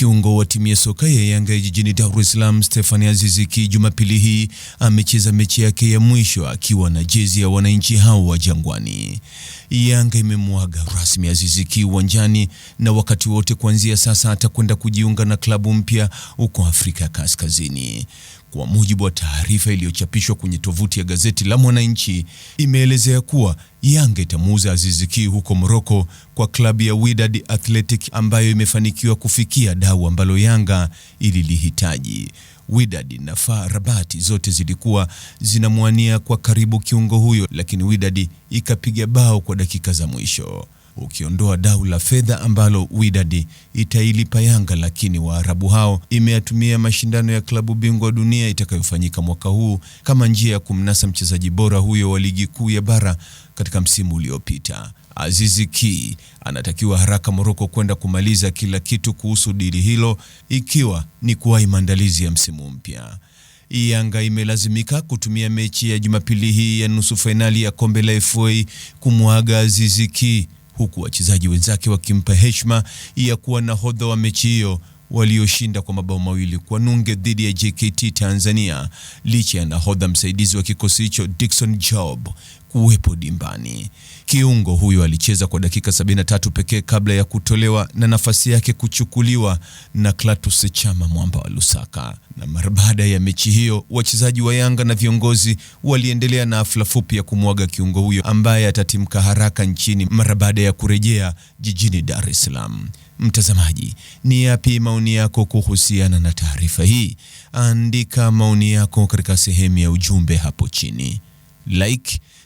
Kiungo wa timu ya soka ya Yanga jijini Dar es Salaam, Stephanie Aziz Ki Jumapili hii amecheza mechi yake ya mwisho akiwa na jezi ya wananchi hao wa Jangwani. Yanga imemwaga rasmi Aziz Ki uwanjani na wakati wote kuanzia sasa atakwenda kujiunga na klabu mpya huko Afrika Kaskazini. Kwa mujibu wa taarifa iliyochapishwa kwenye tovuti ya gazeti la Mwananchi, imeelezea kuwa Yanga itamuuza Ki huko Morocco kwa klabu ya Wydad Athletic ambayo imefanikiwa kufikia dau ambalo Yanga ililihitaji. Wydad na FAR Rabat zote zilikuwa zinamwania kwa karibu kiungo huyo, lakini Wydad ikapiga bao kwa dakika za mwisho ukiondoa dau la fedha ambalo Wydad itailipa Yanga, lakini Waarabu hao imeyatumia mashindano ya klabu bingwa dunia itakayofanyika mwaka huu kama njia ya kumnasa mchezaji bora huyo wa ligi kuu ya bara katika msimu uliopita. Azizi Ki anatakiwa haraka Moroko kwenda kumaliza kila kitu kuhusu dili hilo ikiwa ni kuwahi maandalizi ya msimu mpya. Yanga imelazimika kutumia mechi ya Jumapili hii ya nusu fainali ya kombe la FA kumwaga Azizi Ki huku wachezaji wenzake wakimpa heshima ya kuwa nahodha wa mechi hiyo walioshinda kwa mabao mawili kwa nunge dhidi ya JKT Tanzania, licha ya nahodha msaidizi wa kikosi hicho Dickson Job kuwepo dimbani. Kiungo huyo alicheza kwa dakika 73 pekee kabla ya kutolewa na nafasi yake kuchukuliwa na Clatous Chama Mwamba wa Lusaka. Na mara baada ya mechi hiyo, wachezaji wa Yanga na viongozi waliendelea na hafla fupi ya kumwaga kiungo huyo ambaye atatimka haraka nchini mara baada ya kurejea jijini Dar es Salaam. Mtazamaji, ni yapi maoni yako kuhusiana na taarifa hii? Andika maoni yako katika sehemu ya ujumbe hapo chini. Like